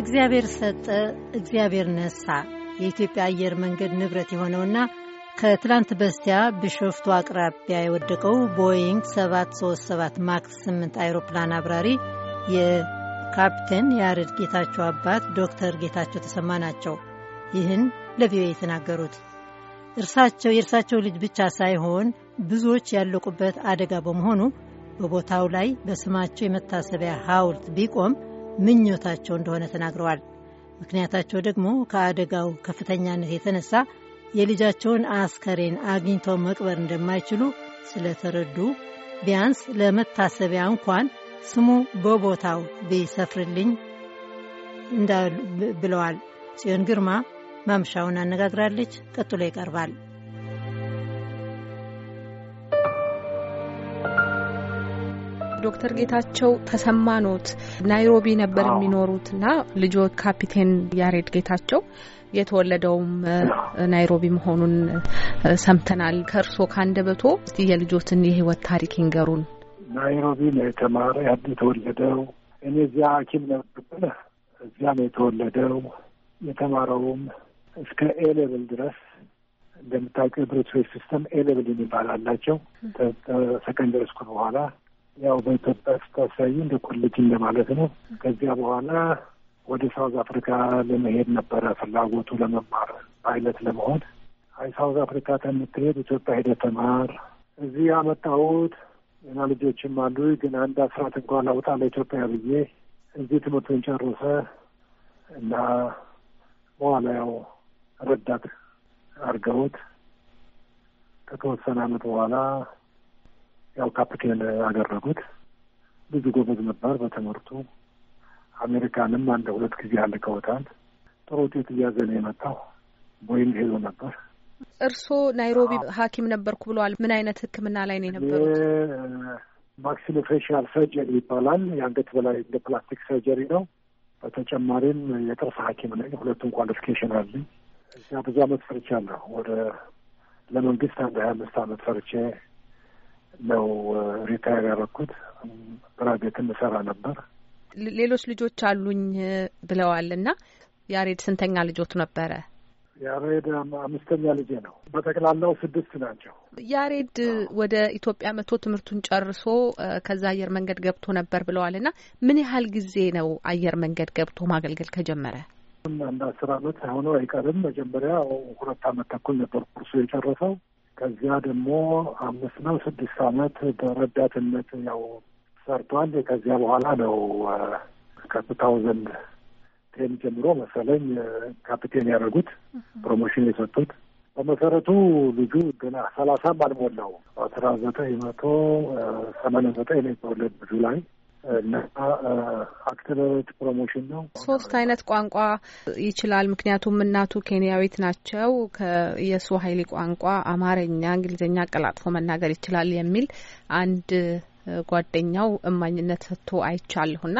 እግዚአብሔር ሰጠ፣ እግዚአብሔር ነሳ የኢትዮጵያ አየር መንገድ ንብረት የሆነውና ከትላንት በስቲያ ብሾፍቱ አቅራቢያ የወደቀው ቦይንግ 737 ማክስ 8 አይሮፕላን አብራሪ የካፕቴን ያሬድ ጌታቸው አባት ዶክተር ጌታቸው ተሰማ ናቸው። ይህን ለቪኦኤ የተናገሩት እርሳቸው የእርሳቸው ልጅ ብቻ ሳይሆን ብዙዎች ያለቁበት አደጋ በመሆኑ በቦታው ላይ በስማቸው የመታሰቢያ ሐውልት ቢቆም ምኞታቸው እንደሆነ ተናግረዋል። ምክንያታቸው ደግሞ ከአደጋው ከፍተኛነት የተነሳ የልጃቸውን አስከሬን አግኝተው መቅበር እንደማይችሉ ስለተረዱ ቢያንስ ለመታሰቢያ እንኳን ስሙ በቦታው ቢሰፍርልኝ ብለዋል። ጽዮን ግርማ ማምሻውን አነጋግራለች። ቀጥሎ ይቀርባል። ዶክተር ጌታቸው ተሰማኖት ናይሮቢ ነበር የሚኖሩት እና ልጆት ካፒቴን ያሬድ ጌታቸው የተወለደውም ናይሮቢ መሆኑን ሰምተናል። ከእርስዎ ከአንደበቶ እስቲ የልጆትን የህይወት ታሪክ ይንገሩን። ናይሮቢ ነው የተማረ የተወለደው። እኔ እዚያ ሐኪም ነበር። እዚያ ነው የተወለደው። የተማረውም እስከ ኤሌብል ድረስ እንደምታውቀው የብሬት ሲስተም ኤሌብል የሚባል አላቸው። ሰከንደሪ ስኩል በኋላ ያው በኢትዮጵያ ስታሳዩ እንደ ኮሌጅ እንደማለት ነው። ከዚያ በኋላ ወደ ሳውዝ አፍሪካ ለመሄድ ነበረ ፍላጎቱ ለመማር አይነት ለመሆን። አይ ሳውዝ አፍሪካ ከምትሄድ ኢትዮጵያ ሄደ ተማር። እዚህ ያመጣሁት እና ልጆችም አሉ፣ ግን አንድ አስራት እንኳን ላውጣ ለኢትዮጵያ ብዬ እዚህ ትምህርቱን ጨርሰ እና በኋላ ያው ረዳት አድርገውት ከተወሰነ አመት በኋላ ያው ካፒቴል ያደረጉት ብዙ ጎበዝ ነበር በትምህርቱ። አሜሪካንም አንድ ሁለት ጊዜ አልከውታል። ጥሩ ውጤት ነው የመጣው ቦይንግ ሄዞ ነበር። እርስዎ ናይሮቢ ሐኪም ነበርኩ ብለዋል። ምን አይነት ሕክምና ላይ ነው የነበሩት? ማክሲሎፌሻል ሰርጀሪ ይባላል። የአንገት በላይ እንደ ፕላስቲክ ሰርጀሪ ነው። በተጨማሪም የጥርስ ሐኪም ነኝ። ሁለቱም ኳሊፊኬሽን አለኝ። እዚያ ብዙ አመት ፈርቻለሁ። ወደ ለመንግስት አንድ ሀያ አምስት አመት ፈርቼ ነው ሪታየር ያደረኩት። ብራቤትን እሰራ ነበር። ሌሎች ልጆች አሉኝ ብለዋል እና ያሬድ ስንተኛ ልጆት ነበረ? ያሬድ አምስተኛ ልጄ ነው። በጠቅላላው ስድስት ናቸው። ያሬድ ወደ ኢትዮጵያ መጥቶ ትምህርቱን ጨርሶ ከዛ አየር መንገድ ገብቶ ነበር ብለዋል እና ምን ያህል ጊዜ ነው አየር መንገድ ገብቶ ማገልገል ከጀመረ? አንድ አስር አመት ሆኖ አይቀርም። መጀመሪያ ሁለት አመት ተኩል ነበር ኩርሱ የጨረሰው። ከዚያ ደግሞ አምስት ነው ስድስት አመት በረዳትነት ያው ሰርቷል። ከዚያ በኋላ ነው ከቱ ታውዘንድ ቴን ጀምሮ መሰለኝ ካፒቴን ያደረጉት ፕሮሞሽን የሰጡት። በመሰረቱ ልጁ ገና ሰላሳም አልሞላው አስራ ዘጠኝ መቶ ሰማንያ ዘጠኝ ነው የተወለደ ልጁ ላይ እና አክትሬት ፕሮሞሽን ነው። ሶስት አይነት ቋንቋ ይችላል። ምክንያቱም እናቱ ኬንያዊት ናቸው። የስዋሂሊ ቋንቋ፣ አማርኛ፣ እንግሊዝኛ አቀላጥፎ መናገር ይችላል የሚል አንድ ጓደኛው እማኝነት ሰጥቶ አይቻለሁ። እና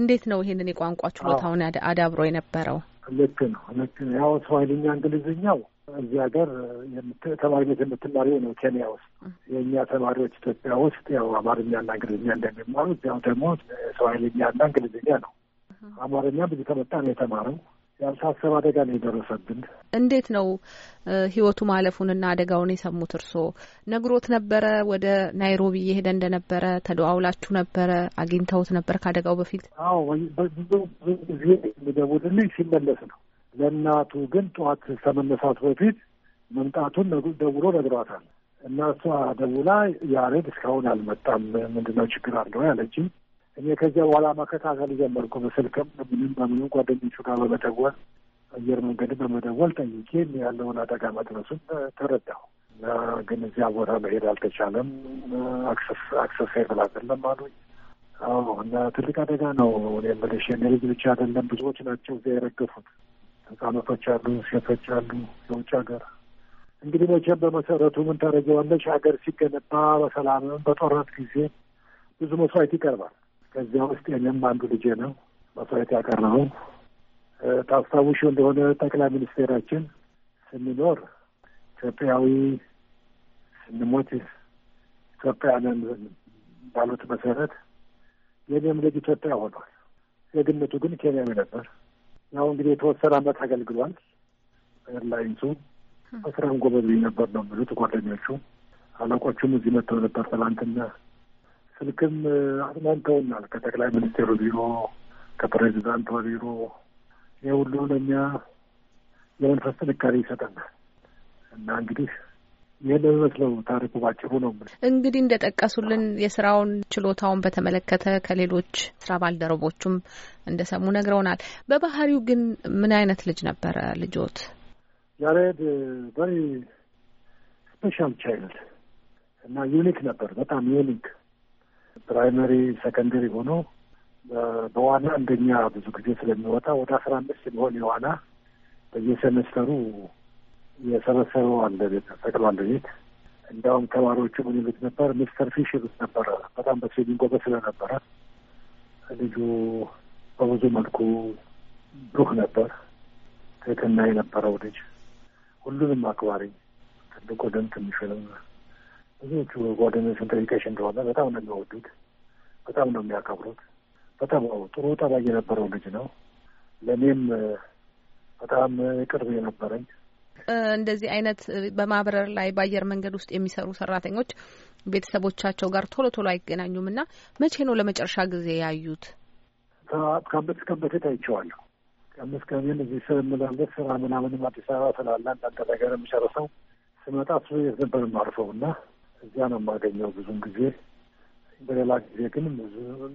እንዴት ነው ይሄንን የቋንቋ ችሎታውን አዳብሮ የነበረው? ልክ ነው፣ ልክ ነው። ያው ስዋሂሊኛ እንግሊዝኛው እዚህ ሀገር ተማሪነት የምትማሪው ነው ኬንያ ውስጥ። የእኛ ተማሪዎች ኢትዮጵያ ውስጥ ያው አማርኛና እንግሊዝኛ እንደሚማሩ ያው ደግሞ ስዋሂልኛና እንግሊዝኛ ነው። አማርኛ ብዙ ከመጣ ነው የተማረው። ያልታሰብ አደጋ ነው የደረሰብን። እንዴት ነው ህይወቱ ማለፉንና አደጋውን የሰሙት እርስዎ? ነግሮት ነበረ ወደ ናይሮቢ እየሄደ እንደነበረ? ተደዋውላችሁ ነበረ? አግኝተውት ነበር ከአደጋው በፊት? አዎ፣ ብዙ ብዙ ጊዜ የሚደውልልኝ ሲመለስ ነው ለእናቱ ግን ጠዋት ከመነሳቱ በፊት መምጣቱን ደውሎ ነግሯታል። እና ደውላ ያሬድ እስካሁን አልመጣም፣ ምንድነው ችግር አለው ያለችኝ። እኔ ከዚያ በኋላ መከታተል ጀመርኩ። በስልክም ምንም በምንም ጓደኞቹ ጋር በመደወል አየር መንገድ በመደወል ጠይቄ ያለውን አደጋ መድረሱን ተረዳሁ። ግን እዚያ ቦታ መሄድ አልተቻለም፣ አክሰስ አክሰስ አይተላቀለም አሉኝ። እና ትልቅ አደጋ ነው። እኔ የምልሽ የኔ ልጅ ብቻ አይደለም ብዙዎች ናቸው እዚያ የረገፉት። ህጻኖቶች አሉ፣ ሴቶች አሉ፣ የውጭ ሀገር እንግዲህ መቼም በመሰረቱ ምን ታደርጊዋለሽ? ሀገር ሲገነባ በሰላምም በጦርነት ጊዜ ብዙ መስዋዕት ይቀርባል። ከዚያ ውስጥ የኔም አንዱ ልጄ ነው መስዋዕት ያቀረበው። ታስታውሽ እንደሆነ ጠቅላይ ሚኒስቴራችን ስንኖር ኢትዮጵያዊ ስንሞት ኢትዮጵያንን ባሉት መሰረት የኔም ልጅ ኢትዮጵያ ሆኗል። የግምቱ ግን ኬንያዊ ነበር። ያው እንግዲህ የተወሰነ አመት አገልግሏል። ኤርላይንሱ በስራም ጎበዝ ነበር ነው የሚሉት ጓደኞቹ። አለቆቹም እዚህ መጥተው ነበር ትላንትና። ስልክም አጽናንተውናል። ከጠቅላይ ሚኒስቴሩ ቢሮ፣ ከፕሬዚዳንቱ ቢሮ ይህ ሁሉ ለእኛ የመንፈስ ጥንካሬ ይሰጠናል እና እንግዲህ የደረስ ነው ታሪኩ ባጭሩ ነው። እንግዲህ እንደ ጠቀሱልን የስራውን ችሎታውን በተመለከተ ከሌሎች ስራ ባልደረቦቹም እንደ ሰሙ ነግረውናል። በባህሪው ግን ምን አይነት ልጅ ነበረ ልጆት? ያሬድ በሪ ስፔሻል ቻይልድ እና ዩኒክ ነበር። በጣም ዩኒክ ፕራይመሪ ሰከንደሪ ሆኖ በዋና አንደኛ ብዙ ጊዜ ስለሚወጣ ወደ አስራ አምስት የሚሆን የዋና በየሰሜስተሩ የሰበሰበው አንድ ቤት ተሰቅሎ አንድ ቤት እንዲያውም ተማሪዎቹ ምን ይሉት ነበር? ሚስተር ፊሽ ይሉት ነበረ። በጣም በትሬኒንግ ጎበዝ ስለነበረ ልጁ በብዙ መልኩ ብሩህ ነበር። ትህትና የነበረው ልጅ፣ ሁሉንም አክባሪ፣ ትልቁንም ትንሹንም። ብዙዎቹ ጓደኞቹን ጠይቀሽ እንደሆነ በጣም ነው የሚወዱት፣ በጣም ነው የሚያከብሩት። በጣም ጥሩ ጠባይ የነበረው ልጅ ነው። ለእኔም በጣም ቅርብ የነበረኝ እንደዚህ አይነት በማብረር ላይ በአየር መንገድ ውስጥ የሚሰሩ ሰራተኞች ቤተሰቦቻቸው ጋር ቶሎ ቶሎ አይገናኙም እና መቼ ነው ለመጨረሻ ጊዜ ያዩት? ከአምስት ቀን በፊት አይቼዋለሁ። ከአምስት ቀን ግን እዚህ ስምላለበት ስራ ምናምንም አዲስ አበባ ስላለ አንዳንድ ነገር የሚጨርሰው ስመጣ እሱ የት ነበር የማርፈው እና እዚያ ነው የማገኘው ብዙም ጊዜ። በሌላ ጊዜ ግን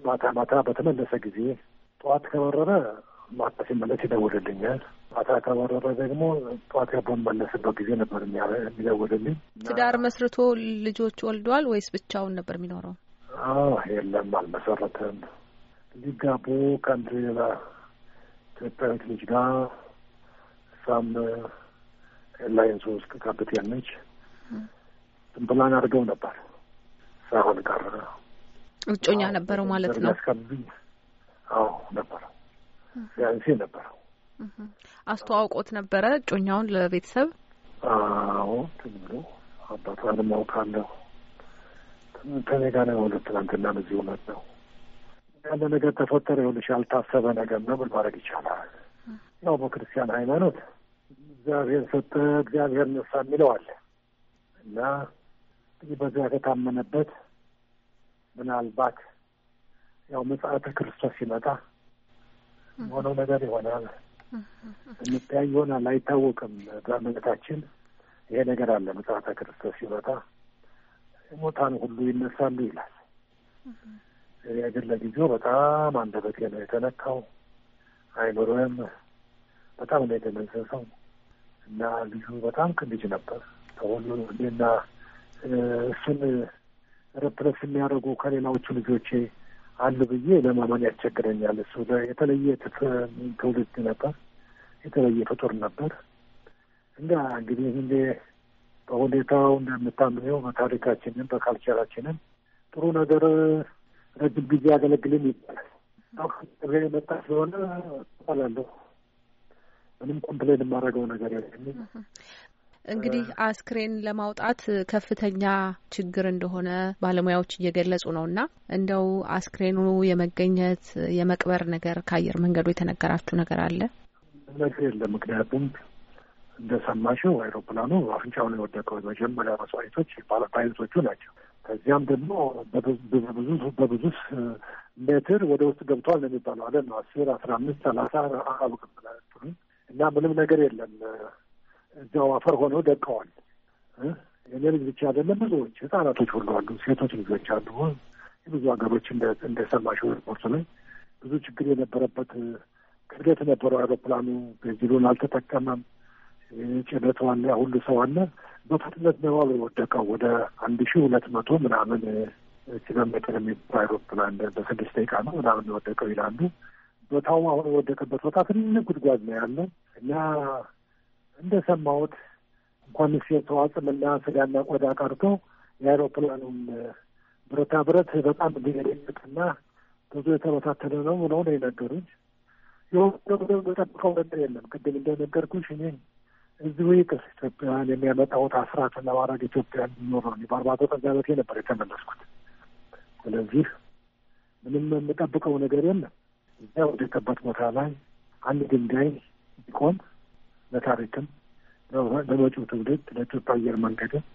ማታ ማታ በተመለሰ ጊዜ ጠዋት ከበረረ ማታ ሲመለስ ይደውልልኛል። ማታ ከመረረ ደግሞ ጠዋት በመለስበት ጊዜ ነበር የሚደውልልኝ። ትዳር መስርቶ ልጆች ወልደዋል ወይስ ብቻውን ነበር የሚኖረው? የለም አልመሰረተም። ሊጋቡ ከአንድ ሌላ ኢትዮጵያዊት ልጅ ጋር እሷም ኤርላይንስ ውስጥ ካፕቴን ነች። ፕላን አድርገው ነበር ሳይሆን ቀረ። እጮኛ ነበረው ማለት ነው። አስከብኝ አዎ ነበረ ያንሴ ነበረው። አስተዋውቆት ነበረ ጮኛውን ለቤተሰብ? አዎ ትንብሎ አባቷንም አውቃለሁ። ከኔ ጋር ነው ሁለት ትናንትና በዚህ እውነት ነው ያለ ነገር ተፈጠረ። ይኸውልሽ ያልታሰበ ነገር ነው። ምን ማድረግ ይቻላል? ያው በክርስቲያን ሃይማኖት እግዚአብሔር ሰጠ እግዚአብሔር ነሳ የሚለው አለ እና እንግዲህ በዚያ ከታመነበት ምናልባት ያው ምጽአተ ክርስቶስ ሲመጣ የሆነው ነገር ይሆናል። እንተያይ ይሆናል አይታወቅም። በእምነታችን ይሄ ነገር አለ። ምጽአተ ክርስቶስ ሲመጣ ሙታን ሁሉ ይነሳሉ ይላል። እኔ ግን ለጊዜው በጣም አንደበቴ ነው የተነካው፣ አይምሮዬም በጣም ነው የተመዘሰው እና ልጁ በጣም ቅልጅ ነበር ተሁሉ እና እሱን ረፕረስ የሚያደርጉ ከሌላዎቹ ልጆቼ አሉ ብዬ ለማመን ያስቸግረኛል። እሱ የተለየ ትውልድ ነበር፣ የተለየ ፍጡር ነበር። እና እንግዲህ እንደ በሁኔታው እንደምታምነው በታሪካችንም በካልቸራችንም ጥሩ ነገር ረጅም ጊዜ ያገለግልን ይባላል። የመጣ ስለሆነ እላለሁ ምንም ኮምፕሌን የማደርገው ነገር የለም። እንግዲህ አስክሬን ለማውጣት ከፍተኛ ችግር እንደሆነ ባለሙያዎች እየገለጹ ነው እና እንደው አስክሬኑ የመገኘት የመቅበር ነገር ከአየር መንገዱ የተነገራችሁ ነገር አለ? ነገር የለም። ምክንያቱም እንደሰማሽው አይሮፕላኑ አፍንጫውን የወደቀው መጀመሪያ መስዋዕቶች ፓይለቶቹ ናቸው። ከዚያም ደግሞ በብዙ በብዙ ሜትር ወደ ውስጥ ገብቷል ነው የሚባለው አለ ነው አስር አስራ አምስት ሰላሳ አብቅም እና ምንም ነገር የለም እዚያው አፈር ሆነው ደቀዋል። የኔ ልጅ ብቻ አይደለም፣ ብዙዎች ህጻናቶች ሁሉ አሉ፣ ሴቶች ልጆች አሉ። ብዙ ሀገሮች እንደሰማሽው ሪፖርት ላይ ብዙ ችግር የነበረበት ክብደት ነበረው አውሮፕላኑ። ቤንዚሉን አልተጠቀመም። ጭነት አለ፣ ሁሉ ሰው አለ። በፍጥነት ነው የወደቀው። ወደ አንድ ሺ ሁለት መቶ ምናምን ኪሎ ሜትር የሚባል አውሮፕላን በስድስት ደቂቃ ነው ምናምን የወደቀው ይላሉ። ቦታውም አሁን የወደቀበት ቦታ ትልቅ ጉድጓድ ነው ያለ እና እንደሰማሁት እንኳንስ የተዋጽምና ስጋና ቆዳ ቀርቶ የአይሮፕላኑም ብረታ ብረት በጣም እንዲገደግጥና ብዙ የተበታተነ ነው ብለው ነው የነገሩኝ። የሆነ የምጠብቀው ነገር የለም። ቅድም እንደነገርኩሽ እኔ እዚሁ ውይቅስ ኢትዮጵያን የሚያመጣውት አስራትን ለማድረግ ኢትዮጵያን ኖረ በአርባ ዘጠኝ ዓመቴ ነበር የተመለስኩት። ስለዚህ ምንም የምጠብቀው ነገር የለም። እዚያ ወደ ከበት ቦታ ላይ አንድ ድንጋይ ቢቆም ለታሪክም ለመጪው ትውልድ ለኢትዮጵያ አየር መንገድም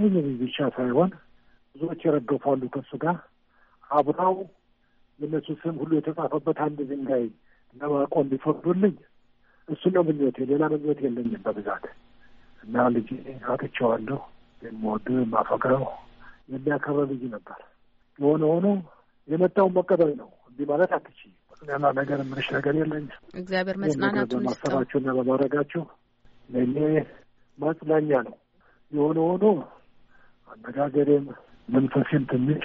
ይህ ብቻ ሳይሆን ብዙዎች የረገፏሉ ከሱ ጋር አብረው የነሱ ስም ሁሉ የተጻፈበት አንድ ድንጋይ ለማቆም እንዲፈቅዱልኝ እሱ ነው ምኞቴ። ሌላ ምኞት የለኝም በብዛት እና ልጅ አጥቼዋለሁ። የምወድ ማፈቅረው የሚያከብር ልጅ ነበር። የሆነ ሆኖ የመጣውን መቀበል ነው። እንዲህ ማለት አትችይም። ሌላ ነገር የምልሽ ነገር የለኝም። እግዚአብሔር ማሰባችሁ በማሰባችሁና በማድረጋችሁ ለእኔ ማጽናኛ ነው። የሆነ ሆኖ አነጋገሬም መንፈሴም ትንሽ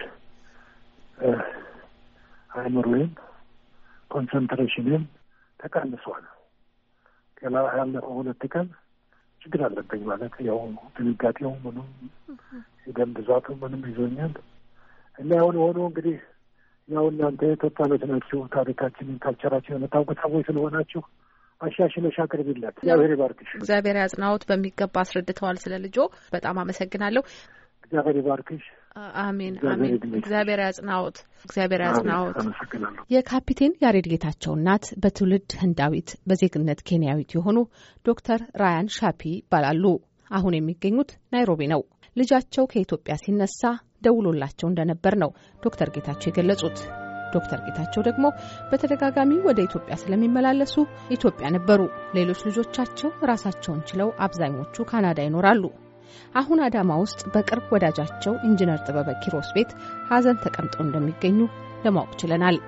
አእምሮዬም ኮንሰንትሬሽንም ተቀንሷል። ገና ያለፈው ሁለት ቀን ችግር አለብኝ ማለት ያው ድንጋጤው ምኑም የደም ብዛቱ ምንም ይዞኛል እና የሆነ ሆኖ እንግዲህ ያው እናንተ ኢትዮጵያኖች ናችሁ፣ ታሪካችንን ታልቸራችንን የምታውቁ ሰዎች ስለሆናችሁ አሻሽለሽ አቅርቢላት። እግዚአብሔር ይባርክሽ። እግዚአብሔር ያጽናዎት። በሚገባ አስረድተዋል ስለ ልጆ። በጣም አመሰግናለሁ። እግዚአብሔር ይባርክሽ። አሜን አሜን። እግዚአብሔር ያጽናዎት። እግዚአብሔር ያጽናዎት። የካፒቴን ያሬድ ጌታቸው እናት በትውልድ ህንዳዊት በዜግነት ኬንያዊት የሆኑ ዶክተር ራያን ሻፒ ይባላሉ። አሁን የሚገኙት ናይሮቢ ነው። ልጃቸው ከኢትዮጵያ ሲነሳ ደውሎላቸው እንደነበር ነው ዶክተር ጌታቸው የገለጹት። ዶክተር ጌታቸው ደግሞ በተደጋጋሚ ወደ ኢትዮጵያ ስለሚመላለሱ ኢትዮጵያ ነበሩ። ሌሎች ልጆቻቸው ራሳቸውን ችለው አብዛኞቹ ካናዳ ይኖራሉ። አሁን አዳማ ውስጥ በቅርብ ወዳጃቸው ኢንጂነር ጥበበ ኪሮስ ቤት ሐዘን ተቀምጠው እንደሚገኙ ለማወቅ ችለናል።